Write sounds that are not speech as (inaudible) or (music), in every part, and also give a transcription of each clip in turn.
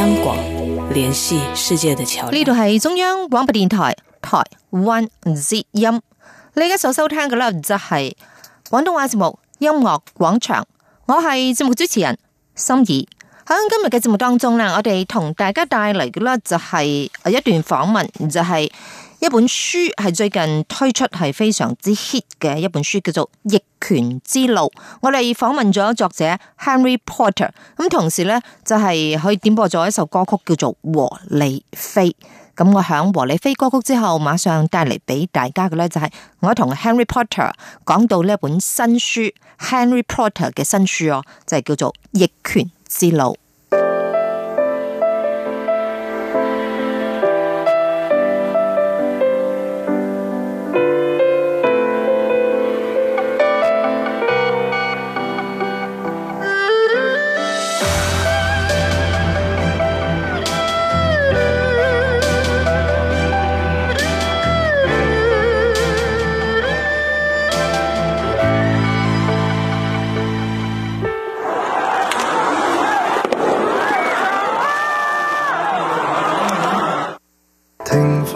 香港聯繫世界的橋樑。呢度係中央廣播電台台灣之音。你而家所收聽嘅咧就係廣東話節目《音樂廣場》，我係節目主持人心儀。喺今日嘅節目當中呢，我哋同大家帶嚟嘅咧就係一段訪問，就係、是。一本書係最近推出係非常之 hit 嘅一本書，叫做《逆權之路》。我哋訪問咗作者 Henry Porter，咁同時咧就係、是、去點播咗一首歌曲叫做《和你飛》。咁我響《和你飛》歌曲之後，馬上帶嚟俾大家嘅咧就係我同 Henry Porter 講到呢一本新書，Henry Porter 嘅新書哦，就係、是、叫做《逆權之路》。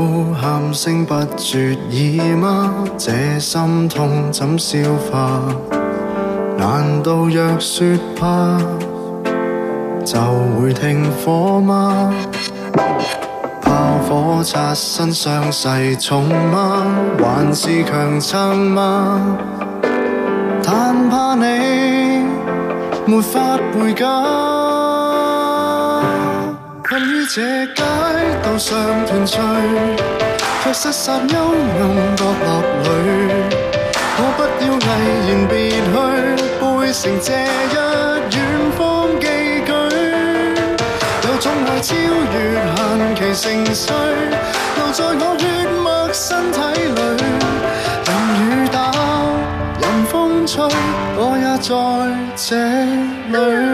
哭喊聲不絕耳嗎？這心痛怎消化？難道若說怕，就會停火嗎？炮火擦身傷勢重嗎？還是強撐嗎？但怕你沒法回家。任於這街道上團聚，卻失散陰暗角落裡。我不要毅然別去，背成這一遠方寄居。有種愛超越限期成碎，留在我血脈身體裡。任雨打，任風吹，我也在這裏。嗯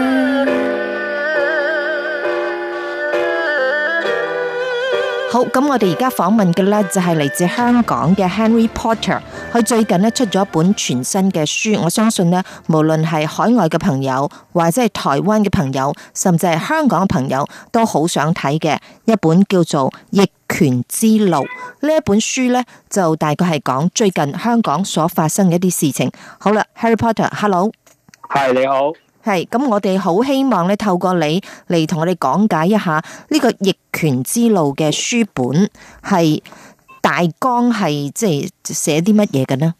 好，咁我哋而家訪問嘅咧就係嚟自香港嘅 Henry Porter，佢最近咧出咗一本全新嘅書，我相信咧無論係海外嘅朋友，或者係台灣嘅朋友，甚至係香港嘅朋友，都好想睇嘅一本叫做《逆權之路》呢一本書咧，就大概係講最近香港所發生嘅一啲事情。好啦，Henry Porter，Hello，Hi，你好。係，咁我哋好希望咧，透過你嚟，同我哋講解一下呢個《逆權之路》嘅書本寫，係大綱，係即係寫啲乜嘢嘅咧？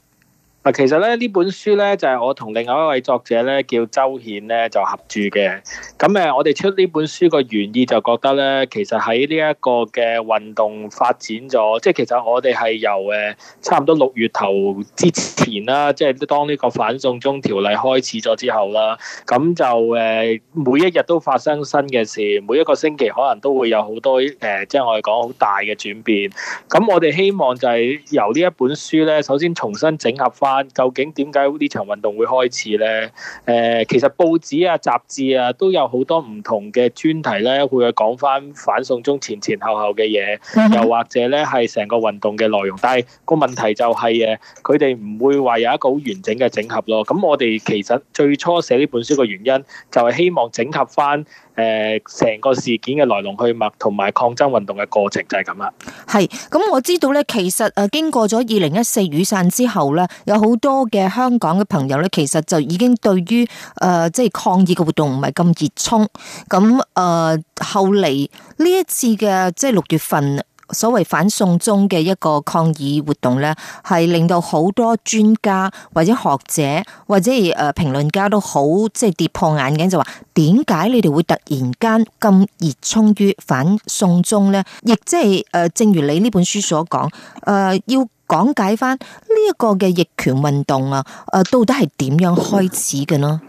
嗱，其實咧呢這本書咧就係、是、我同另外一位作者咧叫周顯咧就合著嘅。咁誒，我哋出呢本書個原意就覺得咧，其實喺呢一個嘅運動發展咗，即係其實我哋係由誒差唔多六月頭之前啦，即係當呢個反送中條例開始咗之後啦，咁就誒每一日都發生新嘅事，每一個星期可能都會有好多誒，即係我哋講好大嘅轉變。咁我哋希望就係由呢一本書咧，首先重新整合翻。究竟點解呢場運動會開始呢？誒，其實報紙啊、雜誌啊都有好多唔同嘅專題咧，會去講翻反送中前前後後嘅嘢，又或者咧係成個運動嘅內容。但係個問題就係誒，佢哋唔會話有一個好完整嘅整合咯。咁我哋其實最初寫呢本書嘅原因，就係希望整合翻。誒，成個事件嘅來龍去脈同埋抗爭運動嘅過程就係咁啦。係，咁我知道咧，其實誒經過咗二零一四雨傘之後咧，有好多嘅香港嘅朋友咧，其實就已經對於誒即係抗議嘅活動唔係咁熱衷。咁誒、呃、後嚟呢一次嘅即係六月份。所謂反送中嘅一個抗議活動咧，係令到好多專家或者學者或者係誒評論家都好即係跌破眼鏡，就話點解你哋會突然間咁熱衷於反送中咧？亦即係誒，正如你呢本書所講，誒、呃、要講解翻呢一個嘅逆權運動啊，誒到底係點樣開始嘅呢？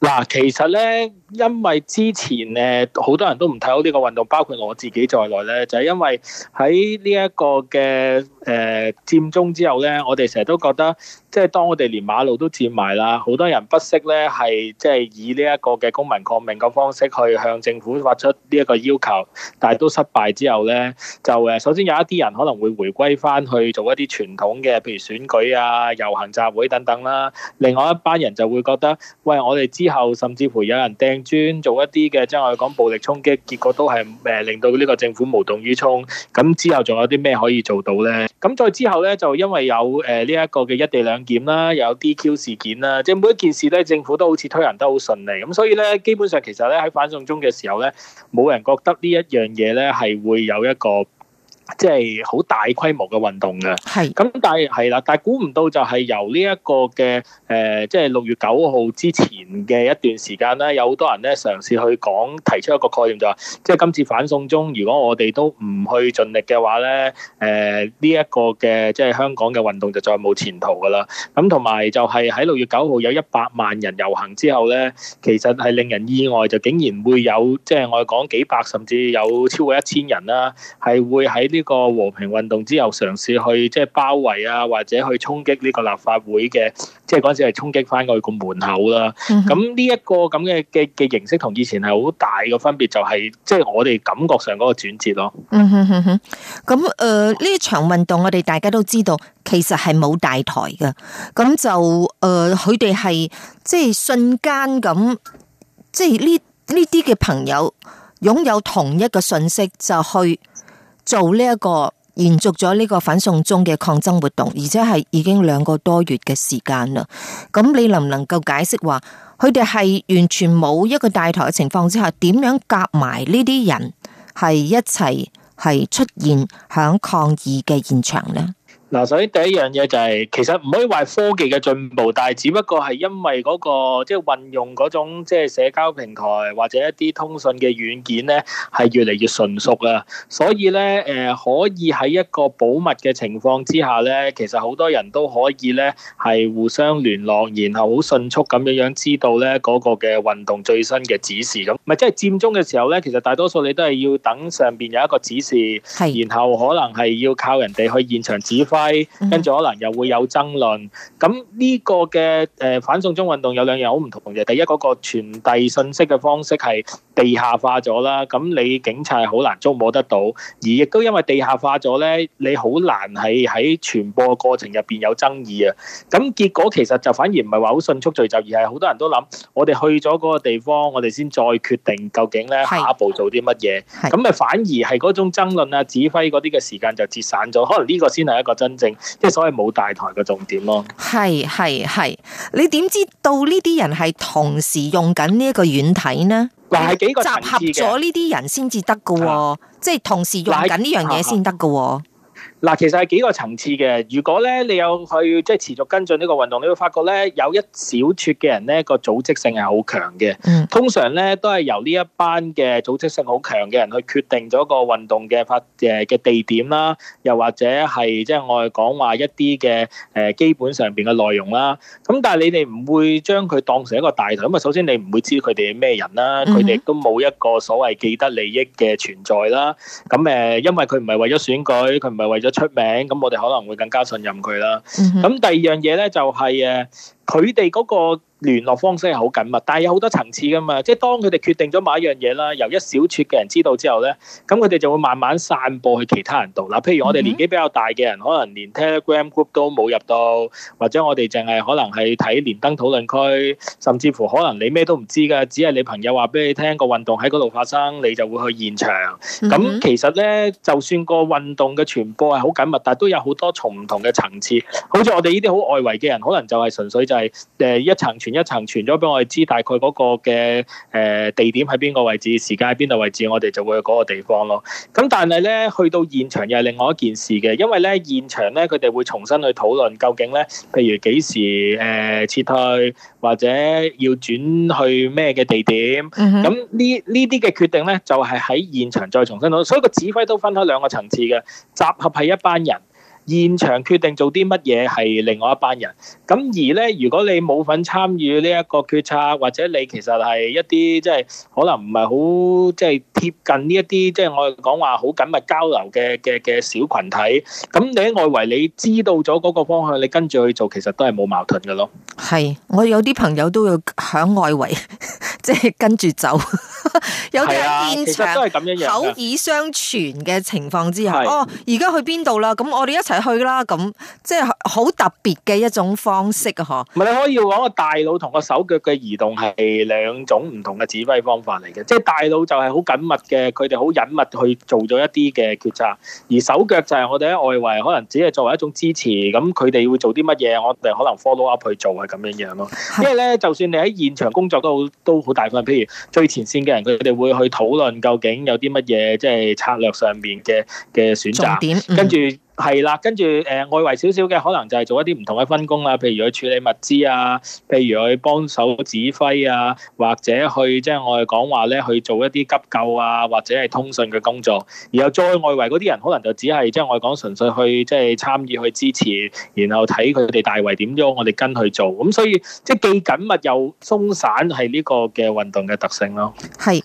嗱，其實咧。因為之前咧好多人都唔睇好呢個運動，包括我自己在內咧，就係、是、因為喺呢一個嘅誒、呃、佔中之後咧，我哋成日都覺得，即係當我哋連馬路都佔埋啦，好多人不惜咧，係即係以呢一個嘅公民抗命嘅方式去向政府發出呢一個要求，但係都失敗之後咧，就誒首先有一啲人可能會回歸返去做一啲傳統嘅，譬如選舉啊、遊行集會等等啦。另外一班人就會覺得，喂，我哋之後甚至乎有人掟。專做一啲嘅，即係我哋講暴力衝擊，結果都係誒令到呢個政府無動於衷。咁之後仲有啲咩可以做到咧？咁再之後咧，就因為有誒呢一個嘅一地兩檢啦，又有 DQ 事件啦，即係每一件事咧，政府都好似推人得好順利。咁所以咧，基本上其實咧喺反送中嘅時候咧，冇人覺得呢一樣嘢咧係會有一個。即係好大規模嘅運動㗎，係咁，但係係啦，但係估唔到就係由呢一個嘅誒，即係六月九號之前嘅一段時間咧，有好多人咧嘗試去講提出一個概念，就話即係今次反送中，如果我哋都唔去盡力嘅話咧，誒呢一個嘅即係香港嘅運動就再冇前途㗎啦。咁同埋就係喺六月九號有一百萬人遊行之後咧，其實係令人意外，就竟然會有即係我哋講幾百甚至有超過一千人啦，係會喺呢。個和平運動之後嘗試去即係包圍啊，或者去衝擊呢個立法會嘅，即係嗰陣時係衝擊翻佢個門口啦。咁呢一個咁嘅嘅嘅形式，同以前係好大嘅分別，就係即係我哋感覺上嗰個轉折咯。嗯哼哼哼，咁誒呢場運動我哋大家都知道，其實係冇大台嘅，咁就誒佢哋係即係瞬間咁，即係呢呢啲嘅朋友擁有同一個信息，就去。做呢、這、一個延續咗呢個反送中嘅抗爭活動，而且係已經兩個多月嘅時間啦。咁你能唔能夠解釋話佢哋係完全冇一個大台嘅情況之下，點樣夾埋呢啲人係一齊係出現響抗議嘅現場咧？嗱，首先第一樣嘢就係，其實唔可以話科技嘅進步，但係只不過係因為嗰個即係運用嗰種即係社交平台或者一啲通訊嘅軟件咧，係越嚟越純熟啦，所以咧誒，可以喺一個保密嘅情況之下咧，其實好多人都可以咧係互相聯絡，然後好迅速咁樣樣知道咧嗰個嘅運動最新嘅指示咁。唔係，即係佔中嘅時候咧，其實大多數你都係要等上邊有一個指示，係，然後可能係要靠人哋去現場指揮。跟住可能又會有爭論。咁呢個嘅反送中運動有兩樣好唔同嘅，第一，嗰個傳遞信息嘅方式係地下化咗啦。咁你警察係好難捉摸得到，而亦都因為地下化咗咧，你好難係喺傳播過程入面有爭議啊。咁結果其實就反而唔係話好迅速聚集，而係好多人都諗，我哋去咗嗰個地方，我哋先再決定究竟咧下一步做啲乜嘢。咁咪反而係嗰種爭論啊、指揮嗰啲嘅時間就節省咗，可能呢個先係一個真。即係所謂冇大台嘅重點咯，係係係，你點知道呢啲人係同時用緊呢一個軟體呢？係幾個集合咗呢啲人先至得㗎，啊、即係同時用緊呢樣嘢先得㗎。嗱，其實係幾個層次嘅。如果咧你有去即係持續跟進呢個運動，你會發覺咧有一小撮嘅人咧個組織性係好強嘅。通常咧都係由呢一班嘅組織性好強嘅人去決定咗個運動嘅發誒嘅地點啦，又或者係即係我哋講話一啲嘅誒基本上邊嘅內容啦。咁但係你哋唔會將佢當成一個大台，咁啊首先你唔會知佢哋係咩人啦，佢哋亦都冇一個所謂既得利益嘅存在啦。咁誒，因為佢唔係為咗選舉，佢唔係為咗。出名咁，我哋可能會更加信任佢啦。咁、嗯、哼第二樣嘢咧，就係誒，佢哋嗰個。聯絡方式係好緊密，但係有好多層次㗎嘛。即係當佢哋決定咗某一樣嘢啦，由一小撮嘅人知道之後咧，咁佢哋就會慢慢散播去其他人度。嗱，譬如我哋年紀比較大嘅人，可能連 Telegram group 都冇入到，或者我哋淨係可能係睇連登討論區，甚至乎可能你咩都唔知㗎，只係你朋友話俾你聽，個運動喺嗰度發生，你就會去現場。咁、嗯、哼其實咧，就算個運動嘅傳播係好緊密，但係都有好多重唔同嘅層次。好似我哋呢啲好外圍嘅人，可能就係純粹就係、是、誒、呃、一層傳。一層傳咗俾我哋知大概嗰個嘅誒地點喺邊個位置，時間喺邊度位置，我哋就會去嗰個地方咯。咁但係咧，去到現場又係另外一件事嘅，因為咧，現場咧佢哋會重新去討論究竟咧，譬如幾時誒、呃、撤退或者要轉去咩嘅地點。咁呢呢啲嘅決定咧就係、是、喺現場再重新討論，所以個指揮都分開兩個層次嘅，集合係一班人。現場決定做啲乜嘢係另外一班人，咁而咧，如果你冇份參與呢一個決策，或者你其實係一啲即係可能唔係好即係貼近呢一啲即係我哋講話好緊密交流嘅嘅嘅小羣體，咁你喺外圍你知道咗嗰個方向，你跟住去做，其實都係冇矛盾㗎囉。係，我有啲朋友都要響外圍即係跟住走，有啲喺現場口耳相傳嘅情況之下，哦，而家去邊度啦？咁我哋一齊。去啦，咁即係好特別嘅一種方式啊！嗬，唔係你可以講，個大腦同個手腳嘅移動係兩種唔同嘅指揮方法嚟嘅，即係大腦就係好緊密嘅，佢哋好隱密去做咗一啲嘅決策，而手腳就係我哋喺外圍，可能只係作為一種支持，咁佢哋會做啲乜嘢，我哋可能 follow up 去做係，咁樣樣咯。因為咧，是的 就算你喺現場工作都都好大份，譬如最前線嘅人，佢哋會去討論究竟有啲乜嘢，即係策略上面嘅嘅選擇，跟住。嗯係啦，跟住誒外圍少少嘅，可能就係做一啲唔同嘅分工啦。譬如去處理物資啊，譬如去幫手指揮啊，或者去即係、就是、我哋講話咧，去做一啲急救啊，或者係通訊嘅工作。然後再外圍嗰啲人，可能就只係即係我哋講純粹去即係、就是、參與去支持，然後睇佢哋大圍點樣，我哋跟去做。咁所以即係、就是、既緊密又鬆散，係呢個嘅運動嘅特性咯。係。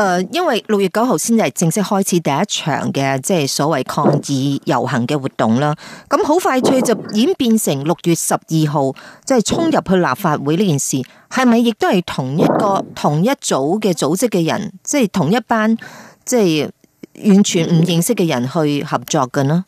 誒、呃，因為六月九號先至係正式開始第一場嘅即係所謂抗議遊行嘅活動啦，咁好快脆就演變成六月十二號即係衝入去立法會呢件事，係咪亦都係同一個同一組嘅組織嘅人，即係同一班即係完全唔認識嘅人去合作嘅呢？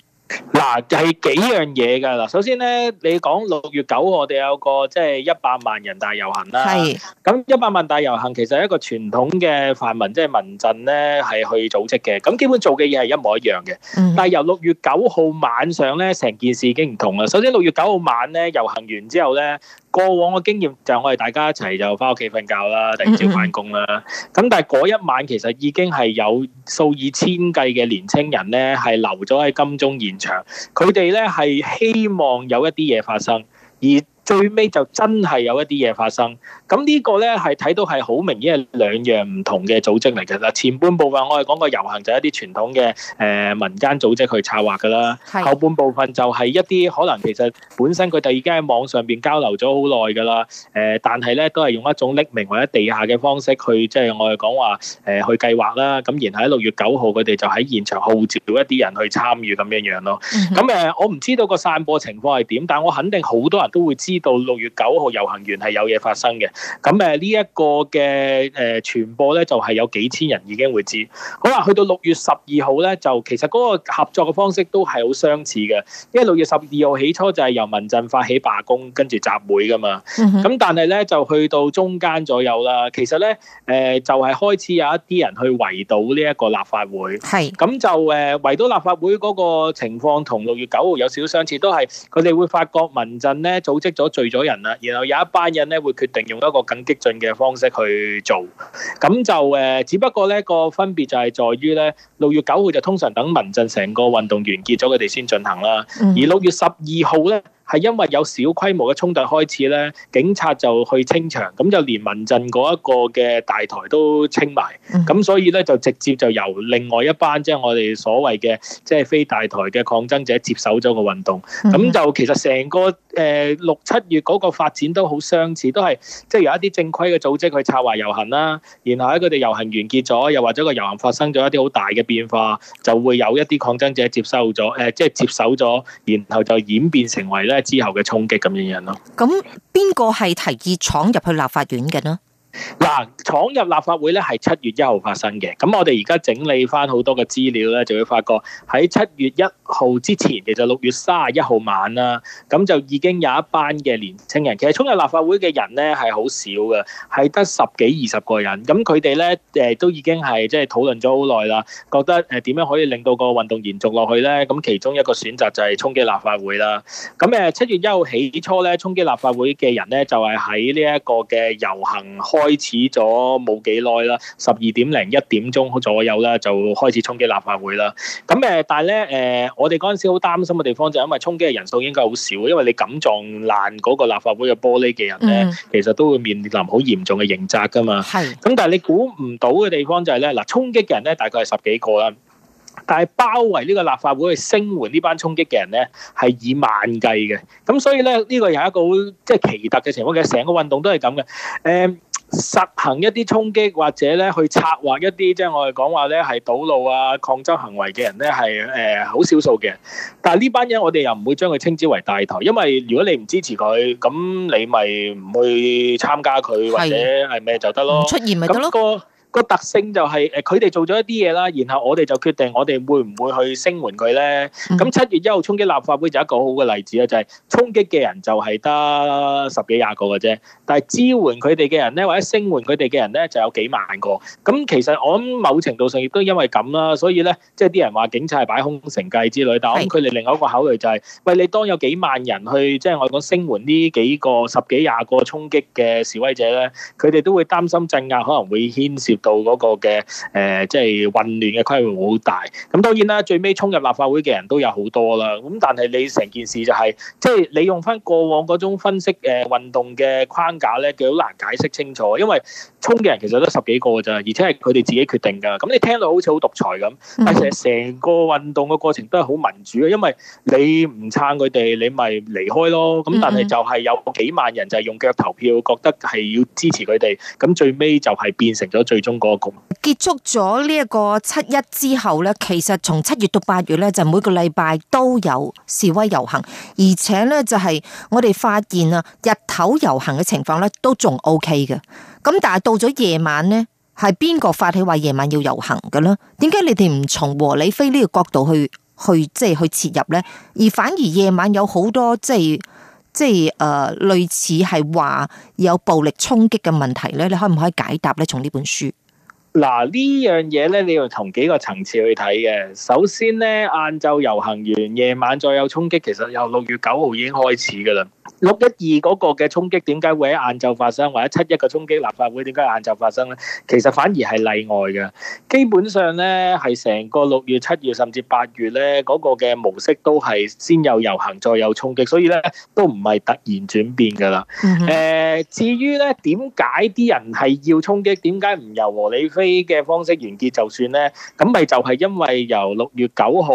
嗱，係幾樣嘢噶啦。首先咧，你講六月九號我哋有個即係一百萬人大遊行啦。係。咁一百萬大遊行其實係一個傳統嘅泛民即係民陣咧係去組織嘅。咁基本做嘅嘢係一模一樣嘅。嗯。但係由六月九號晚上咧，成件事已經唔同啦。首先六月九號晚咧，遊行完之後咧。過往嘅經驗就我哋大家一齊就翻屋企瞓覺啦，第二朝返工啦。咁但係嗰一晚其實已經係有數以千計嘅年青人呢，係留咗喺金鐘現場，佢哋呢，係希望有一啲嘢發生。而最尾就真係有一啲嘢發生，咁呢個咧係睇到係好明顯係兩樣唔同嘅組織嚟嘅。嗱，前半部分我哋講過遊行就一啲傳統嘅誒、呃、民間組織去策劃㗎啦，是的 後半部分就係一啲可能其實本身佢哋已經喺網上邊交流咗好耐㗎啦，誒、呃，但係咧都係用一種匿名或者地下嘅方式去，即、就、係、是、我哋講話誒去計劃啦。咁然後喺六月九號佢哋就喺現場號召一啲人去參與咁樣樣咯。咁誒、嗯哼 呃、我唔知道個散播情況係點，但我肯定好多人都會知。知道六月九號遊行完係有嘢發生嘅，咁誒呢一個嘅誒、呃、傳播咧就係、是、有幾千人已經會知道。好啦，去到六月十二號咧，就其實嗰個合作嘅方式都係好相似嘅，因為六月十二號起初就係由民陣發起罷工，跟住集會噶嘛。咁、嗯、哼但係咧就去到中間左右啦，其實咧誒、呃、就係、是、開始有一啲人去圍堵呢一個立法會。係咁是就誒、呃、圍堵立法會嗰個情況同六月九號有少少相似，都係佢哋會發覺民陣咧組織咗。都聚咗人啦，然後有一班人咧會決定用一個更激進嘅方式去做，咁就誒只不過咧個分別就係在於咧，六月九號就通常等民陣成個運動完結咗，佢哋先進行啦，而六月十二號咧。係因為有小規模嘅衝突開始咧，警察就去清場，咁就連民陣嗰一個嘅大台都清埋，咁所以咧就直接就由另外一班即係、就是、我哋所謂嘅即係非大台嘅抗爭者接手咗個運動，咁就其實成個誒六七月嗰個發展都好相似，都係即係有一啲正規嘅組織去策劃遊行啦，然後喺佢哋遊行完結咗，又或者個遊行發生咗一啲好大嘅變化，就會有一啲抗爭者接收咗，誒即係接手咗，然後就演變成為之後嘅衝擊咁樣樣咯，咁邊個係提議闖入去立法院嘅呢？嗱，闖入立法會咧係七月一號發生嘅。咁我哋而家整理翻好多嘅資料咧，就會發覺喺七月一號之前其實六月三十一號晚啦，咁就已經有一班嘅年青人。其實衝入立法會嘅人咧係好少嘅，係得十幾二十個人。咁佢哋咧誒都已經係即係討論咗好耐啦，覺得誒點樣可以令到個運動延續落去咧？咁其中一個選擇就係衝擊立法會啦。咁誒七月一號起初咧衝擊立法會嘅人咧就係喺呢一個嘅遊行開。開始咗冇幾耐啦，十二點零一點鐘左右啦，就開始衝擊立法會啦。咁誒，但係咧誒，我哋嗰陣時好擔心嘅地方就係因為衝擊嘅人數應該好少，因為你敢撞爛嗰個立法會嘅玻璃嘅人咧，嗯、其實都會面臨好嚴重嘅刑責噶嘛。係的。咁但係你估唔到嘅地方就係咧，嗱，衝擊嘅人咧大概係十幾個啦，但係包圍呢個立法會去聲援呢班衝擊嘅人咧係以萬計嘅。咁所以咧呢、呢個又係一個好即係奇特嘅情況嘅，成個運動都係咁嘅誒。嗯實行一啲衝擊或者咧去策劃一啲，即係我哋講話咧係堵路啊、抗爭行為嘅人咧係誒好少數嘅，但係呢班人我哋又唔會將佢稱之為大台，因為如果你唔支持佢，咁你咪唔去參加佢是或者係咩就得咯，唔出現咪得咯。那個個特性就係誒，佢哋做咗一啲嘢啦，然後我哋就決定我哋會唔會去聲援佢咧？咁七月一號衝擊立法會就一個好嘅例子啦，就係衝擊嘅人就係得十幾廿個嘅啫，但係支援佢哋嘅人咧，或者聲援佢哋嘅人咧，就有幾萬個。咁其實我諗某程度上亦都因為咁啦，所以咧，即係啲人話警察係擺空城計之類，但係我諗佢哋另外一個考慮就係，喂，你當有幾萬人去，即係我講聲援呢幾個十幾廿個衝擊嘅示威者咧，佢哋都會擔心鎮壓可能會牽涉到嗰個嘅誒、呃、即係混亂嘅規模好大。咁當然啦，最尾衝入立法會嘅人都有好多啦。咁但係你成件事就係、是、即係你用翻過往嗰種分析誒運動嘅框架咧，佢好難解釋清楚。因為衝嘅人其實都十幾個咋，而且係佢哋自己決定噶，咁你聽到好似好獨裁咁，mm hmm. 但其實成個運動嘅過程都係好民主嘅，因為你唔撐佢哋，你咪離開咯。咁但係就係有幾萬人就係用腳投票，覺得係要支持佢哋。咁最尾就係變成咗最終。結束咗呢一個七一之後呢，其實從七月到八月呢，就每個禮拜都有示威遊行，而且呢，就係、是、我哋發現啊，日頭遊行嘅情況呢，都仲 OK 嘅。咁但係到咗夜晚呢，係邊個發起話夜晚要遊行嘅呢？點解你哋唔從和理非呢個角度去去即係、就是、去切入呢？而反而夜晚有好多即係即係誒、呃、類似係話有暴力衝擊嘅問題呢，你可唔可以解答呢？從呢本書？嗱，呢樣嘢咧，你要從幾個層次去睇嘅。首先咧，晏晝遊行完，夜晚再有衝擊，其實由六月九號已經開始㗎喇。六一二嗰個嘅衝擊點解會喺晏晝發生，或者七一嘅衝擊立法會點解晏晝發生咧？其實反而係例外嘅。基本上咧，係成個六月、七月甚至八月咧嗰個嘅模式都係先有遊行，再有衝擊，所以咧都唔係突然轉變噶啦。誒，至於咧，點解啲人係要衝擊，點解唔由和理非嘅方式完結就算咧？咁咪就係因為由六月九號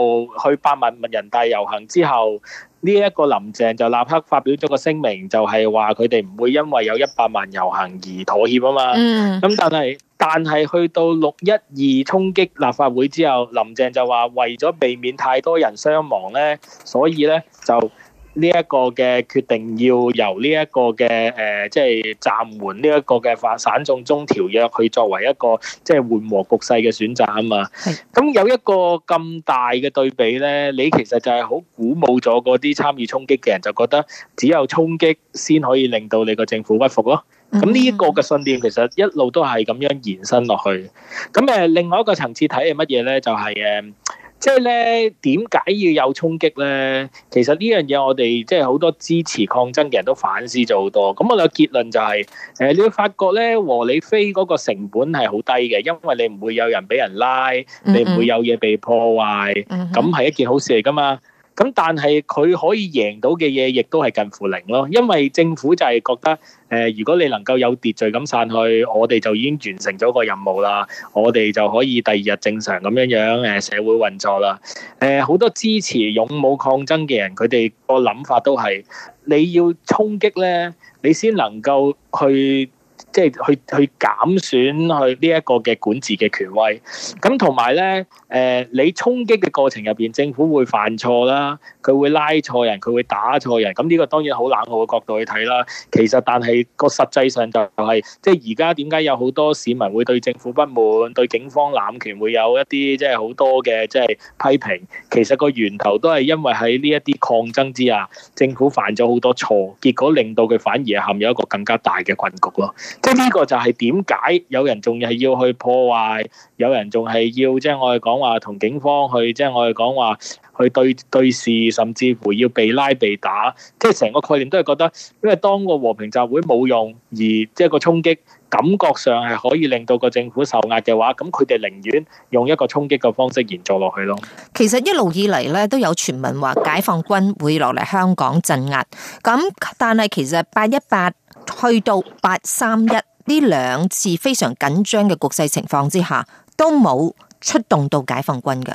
去百萬人大遊行之後。呢一個林鄭就立刻發表咗個聲明，就係話佢哋唔會因為有一百萬遊行而妥協啊嘛、嗯是。咁但係但係去到六一二衝擊立法會之後，林鄭就話為咗避免太多人傷亡呢，所以呢就。呢一個嘅決定要由呢一個嘅誒，即係暫緩呢一個嘅《法產仲中條約》，佢作為一個即係緩和局勢嘅選擇啊嘛。係。咁有一個咁大嘅對比呢，你其實就係好鼓舞咗嗰啲參與衝擊嘅人，就覺得只有衝擊先可以令到你個政府屈服咯。咁呢一個嘅信念其實一路都係咁樣延伸落去。咁誒，另外一個層次睇係乜嘢呢？就係誒。即係咧，點解要有衝擊咧？其實呢樣嘢我哋即係好多支持抗爭嘅人都反思咗好多。咁我嘅結論就係，誒，你會發覺咧，和你飛嗰個成本係好低嘅，因為你唔會有人俾人拉，你唔會有嘢被破壞，咁係一件好事嚟㗎嘛。咁但係佢可以贏到嘅嘢，亦都係近乎零咯，因為政府就係覺得，呃，如果你能夠有秩序咁散去，我哋就已經完成咗個任務啦，我哋就可以第二日正常咁樣樣，呃，社會運作啦。呃，好多支持勇武抗爭嘅人，佢哋個諗法都係，你要衝擊呢，你先能夠去。即係去去減損去呢一個嘅管治嘅權威，咁同埋呢，誒、呃、你衝擊嘅過程入邊，政府會犯錯啦，佢會拉錯人，佢會打錯人，咁呢個當然好冷酷嘅角度去睇啦。其實，但係個實際上就係、就係，即係而家點解有好多市民會對政府不滿，對警方濫權會有一啲即係好多嘅即係批評。其實個源頭都係因為喺呢一啲抗爭之下，政府犯咗好多錯，結果令到佢反而係陷入一個更加大嘅困局咯。即係呢個就係點解有人仲係要去破壞，有人仲係要即係我哋講話同警方去，即係我哋講話去對對峙，甚至乎要被拉被打，即係成個概念都係覺得，因為當個和平集會冇用，而即係個衝擊感覺上係可以令到個政府受壓嘅話，咁佢哋寧願用一個衝擊嘅方式延續落去咯。其實一路以嚟呢都有傳聞話解放軍會落嚟香港鎮壓，咁但係其實八一八，去到八三一呢兩次非常緊張嘅局勢情況之下，都冇出動到解放軍嘅。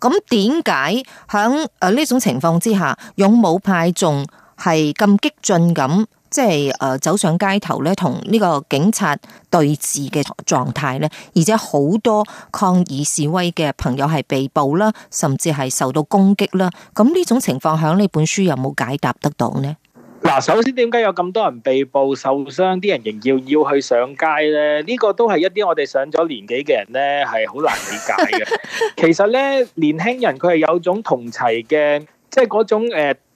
咁點解響誒呢種情況之下，勇武派仲係咁激進咁，即係誒走上街頭咧，同呢個警察對峙嘅狀態咧，而且好多抗議示威嘅朋友係被捕啦，甚至係受到攻擊啦。咁呢種情況響呢本書有冇解答得到咧？嗱，首先點解有咁多人被捕、受傷，啲人仍要要去上街咧？呢個都係一啲我哋上咗年紀嘅人咧，係好難理解嘅。 (laughs) 其實咧，年輕人佢係有種同齊嘅，即係嗰種、呃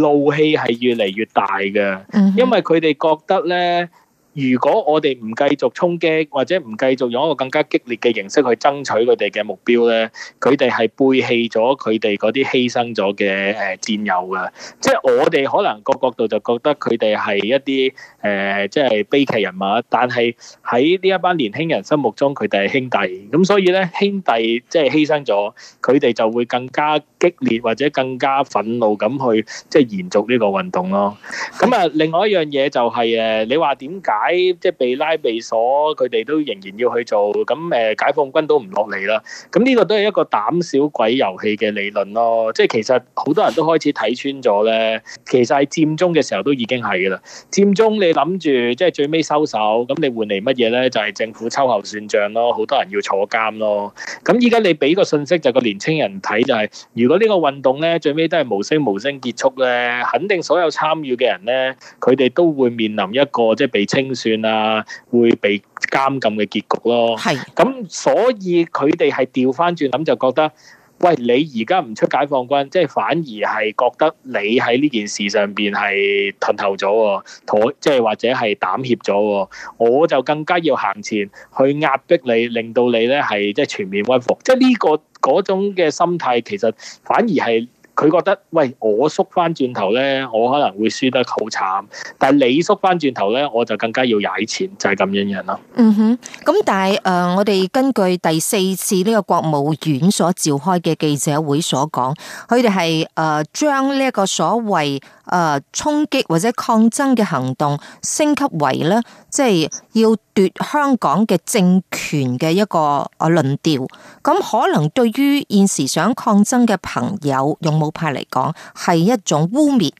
怒氣係越嚟越大嘅，因為佢哋覺得咧，如果我哋唔繼續衝擊，或者唔繼續用一個更加激烈嘅形式去爭取佢哋嘅目標呢，佢哋係背棄咗佢哋嗰啲犧牲咗嘅誒戰友嘅，即係我哋可能個角度就覺得佢哋係一啲誒即係悲劇人物，但係喺呢一班年輕人心目中，佢哋係兄弟，咁所以呢兄弟即係犧牲咗，佢哋就會更加激烈或者更加憤怒咁去即係延續呢個運動咯。咁啊，另外一樣嘢就係誒，你話點解？解即係被拉被鎖，佢哋都仍然要去做。咁誒，解放軍都唔落嚟啦。咁呢個都係一個膽小鬼遊戲嘅理論咯。即係其實好多人都開始睇穿咗咧。其實係佔中嘅時候都已經係噶啦。佔中你諗住即係最尾收手，咁你換嚟乜嘢咧？就係、係、政府秋後算賬咯，好多人要坐監咯。咁依家你俾個信息就係、個年青人睇、就係，就係如果呢個運動咧最尾都係無聲無聲結束咧，肯定所有參與嘅人咧，佢哋都會面臨一個即係被清。算啊，會被監禁嘅結局咯。係，咁所以佢哋係調翻轉諗，就覺得，喂，你而家唔出解放軍，即係反而係覺得你喺呢件事上邊係褪頭咗，妥，即係或者係膽怯咗。我就更加要行前去壓迫你，令到你咧係即係全面屈服。即係呢個嗰種嘅心態，其實反而係。佢覺得，喂，我縮翻轉頭呢，我可能會輸得好慘，但係你縮翻轉頭呢，我就更加要踩錢，就係咁樣樣咯。嗯哼，咁但係誒，我哋根據第四次呢個國務院所召開嘅記者會所講，佢哋係誒將呢一個所謂誒衝擊或者抗爭嘅行動升級為呢，即係要。奪香港嘅政權嘅一個啊論調，咁可能對於現時想抗爭嘅朋友、勇武派嚟講係一種污衊，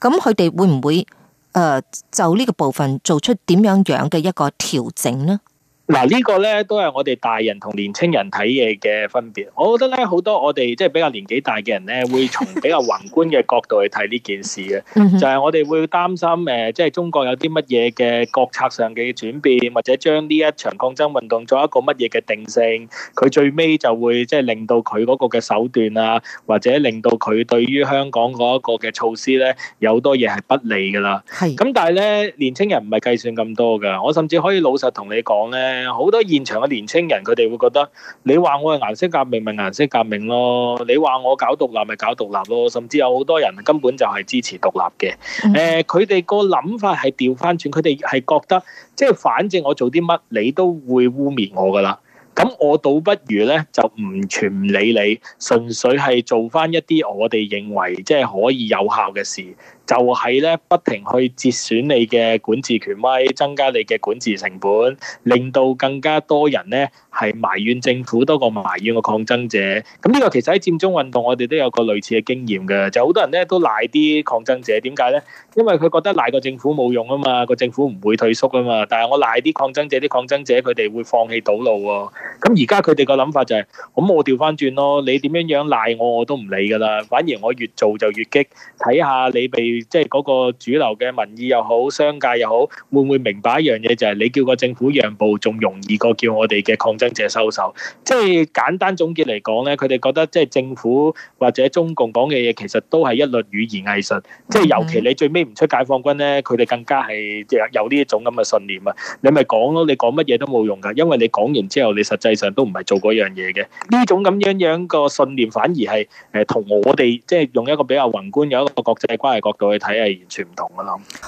咁佢哋會唔會誒、呃、就呢個部分做出點樣樣嘅一個調整呢？嗱呢個咧都係我哋大人同年青人睇嘢嘅分別。我覺得咧好多我哋即係比較年紀大嘅人咧，會從比較宏觀嘅角度去睇呢件事嘅，就係我哋會擔心誒，即係中國有啲乜嘢嘅國策上嘅轉變，或者將呢一場抗爭運動作一個乜嘢嘅定性，佢最尾就會即係令到佢嗰個嘅手段啊，或者令到佢對於香港嗰一個嘅措施咧，有好多嘢係不利㗎啦。係。咁但係咧，年青人唔係計算咁多㗎。我甚至可以老實同你講咧。好多現場嘅年青人，佢哋會覺得你話我係顏色革命咪顏色革命咯，你話我搞獨立咪搞獨立咯，甚至有好多人根本就係支持獨立嘅。誒，佢哋個諗法係調翻轉，佢哋係覺得即係反正我做啲乜你都會污蔑我噶啦，咁我倒不如呢，就唔全唔理你，純粹係做翻一啲我哋認為即係可以有效嘅事。就係咧，不停去折損你嘅管治權威，增加你嘅管治成本，令到更加多人咧係埋怨政府多過埋怨個抗爭者。咁呢個其實喺佔中運動，我哋都有個類似嘅經驗嘅，就好多人呢都賴啲抗爭者。點解呢？因為佢覺得賴個政府冇用啊嘛，個政府唔會退縮啊嘛。但係我賴啲抗爭者，啲抗爭者佢哋會放棄堵路喎、哦。咁而家佢哋個諗法就係、是，咁我調翻轉咯，你點樣樣賴我我都唔理㗎啦，反而我越做就越激，睇下你被。即係嗰個主流嘅民意又好，商界又好，會唔會明白一樣嘢？就係你叫個政府讓步，仲容易過叫我哋嘅抗爭者收手。即係簡單總結嚟講呢，佢哋覺得即係政府或者中共講嘅嘢，其實都係一律語言藝術。即係尤其你最尾唔出解放軍呢，佢哋更加係有呢一種咁嘅信念啊！你咪講咯，你講乜嘢都冇用㗎，因為你講完之後，你實際上都唔係做嗰樣嘢嘅。呢種咁樣樣個信念，反而係誒同我哋即係用一個比較宏觀有一個國際關係角度。佢睇係完全唔同，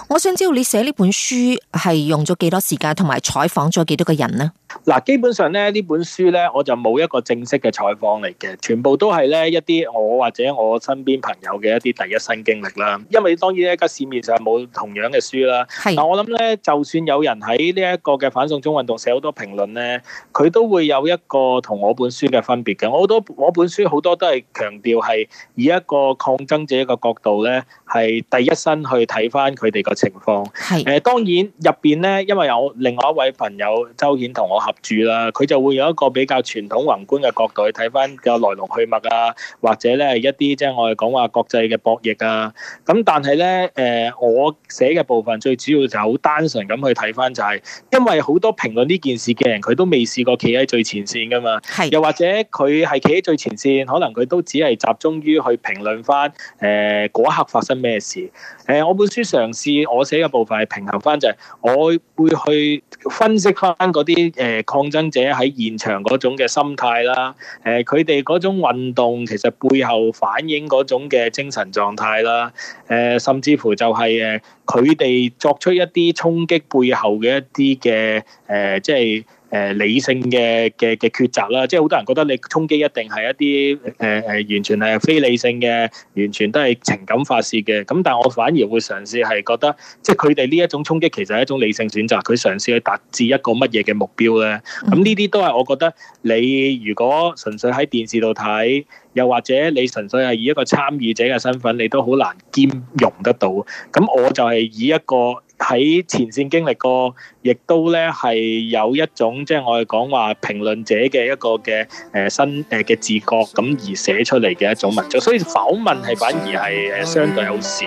我想知道你寫呢本書係用咗幾多時間，同埋採訪咗幾多個人呢？嗱，基本上咧呢本書咧，我就冇一個正式嘅採訪嚟嘅，全部都係咧一啲我或者我身邊朋友嘅一啲第一身經歷啦。因為當然而家市面上冇同樣嘅書啦。嗱是我諗咧，就算有人喺呢一個嘅反送中運動寫好多評論咧，佢都會有一個同我本書嘅分別嘅。我好多我本書好多都係強調係以一個抗爭者一個角度咧，係第一身去睇翻佢哋個情況。係是、呃，當然入面咧，因為有另外一位朋友周顯同我。合著啦，佢就會有一個比較傳統宏觀嘅角度去睇翻個來龍去脈啊，或者咧係一啲即係我哋講話國際嘅博弈啊。咁但係咧，誒、呃、我寫嘅部分最主要就好單純咁去睇翻、就是，就係因為好多評論呢件事嘅人，佢都未試過企喺最前線噶嘛。係。是的 又或者佢係企喺最前線，可能佢都只係集中於去評論翻誒嗰一刻發生咩事。誒、呃，我本書嘗試我寫嘅部分係平衡翻，就係我會去分析翻嗰啲誒。呃誒、呃、抗爭者喺現場嗰種嘅心態啦，誒佢哋嗰種運動其實背後反映嗰種嘅精神狀態啦，誒、呃、甚至乎就係誒佢哋作出一啲衝擊背後嘅一啲嘅誒，即係。誒理性嘅嘅嘅抉擇啦，即係好多人覺得你衝擊一定係一啲誒誒完全係非理性嘅，完全都係情感發洩嘅。咁但係我反而會嘗試係覺得，即係佢哋呢一種衝擊其實係一種理性選擇，佢嘗試去達至一個乜嘢嘅目標咧。咁呢啲都係我覺得你如果純粹喺電視度睇，又或者你純粹係以一個參與者嘅身份，你都好難兼容得到。咁我就係以一個。喺前線經歷過，亦都咧係有一種即係我哋講話評論者嘅一個嘅誒新誒嘅自覺，咁而寫出嚟嘅一種文章，所以訪問係反而係誒相對好少。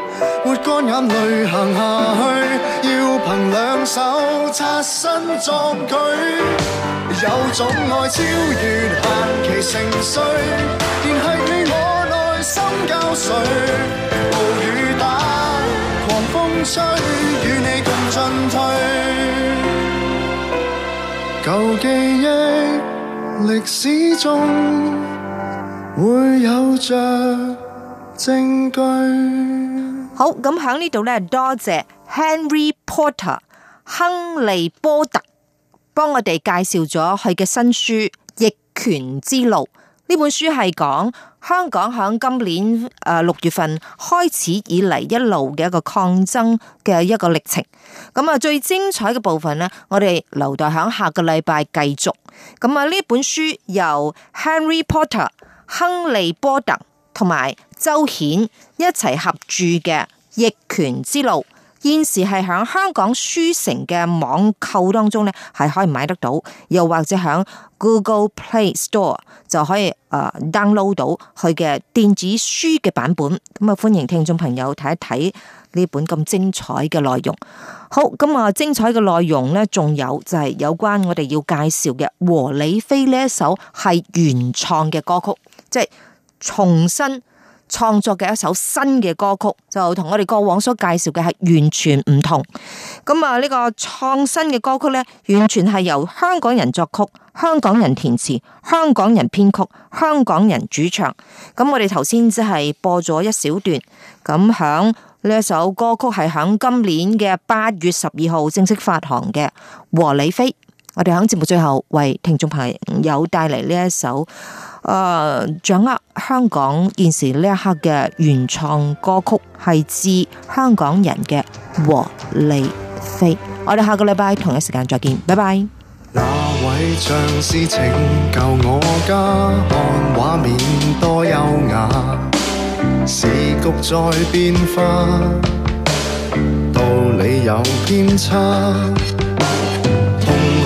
好，咁喺呢度咧，多謝 Henry Porter 亨利波特幫我哋介紹咗佢嘅新書《逆權之路》。呢本書係講香港響今年誒六月份開始以嚟，一路嘅一個抗爭嘅一個歷程，咁啊最精彩嘅部分呢，我哋留待響下個禮拜繼續。咁啊呢本書由 Henry Porter 亨利波特同埋周顯一齊合著嘅《逆權之路》。現時係喺香港書城嘅網購當中咧，係可以買得到，又或者喺 Google Play Store 就可以誒 download 到佢嘅電子書嘅版本。咁啊，歡迎聽眾朋友睇一睇呢本咁精彩嘅內容。好，咁啊，精彩嘅內容咧，仲有就係有關我哋要介紹嘅和你飛呢一首係原創嘅歌曲，即係重新。創作嘅一首新嘅歌曲，就同我哋過往所介紹嘅係完全唔同。咁啊，呢個創新嘅歌曲呢，完全係由香港人作曲、香港人填詞、香港人編曲、香港人主唱。咁我哋頭先只係播咗一小段。咁響呢一首歌曲係響今年嘅八月十二號正式發行嘅《和你飛》。我哋響節目最後為聽眾朋友帶嚟呢一首、呃、掌握香港現時呢一刻嘅原創歌曲係致香港人嘅和你飛。我哋下個禮拜同一時間再見，拜拜。那位唱師請教我家看畫面多優雅，時局在變化，道理有偏差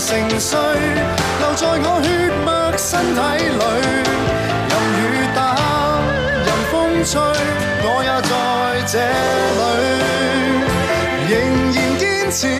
成碎，留在我血脈身體裏。任雨打，任風吹，我也在這裏，仍然堅持。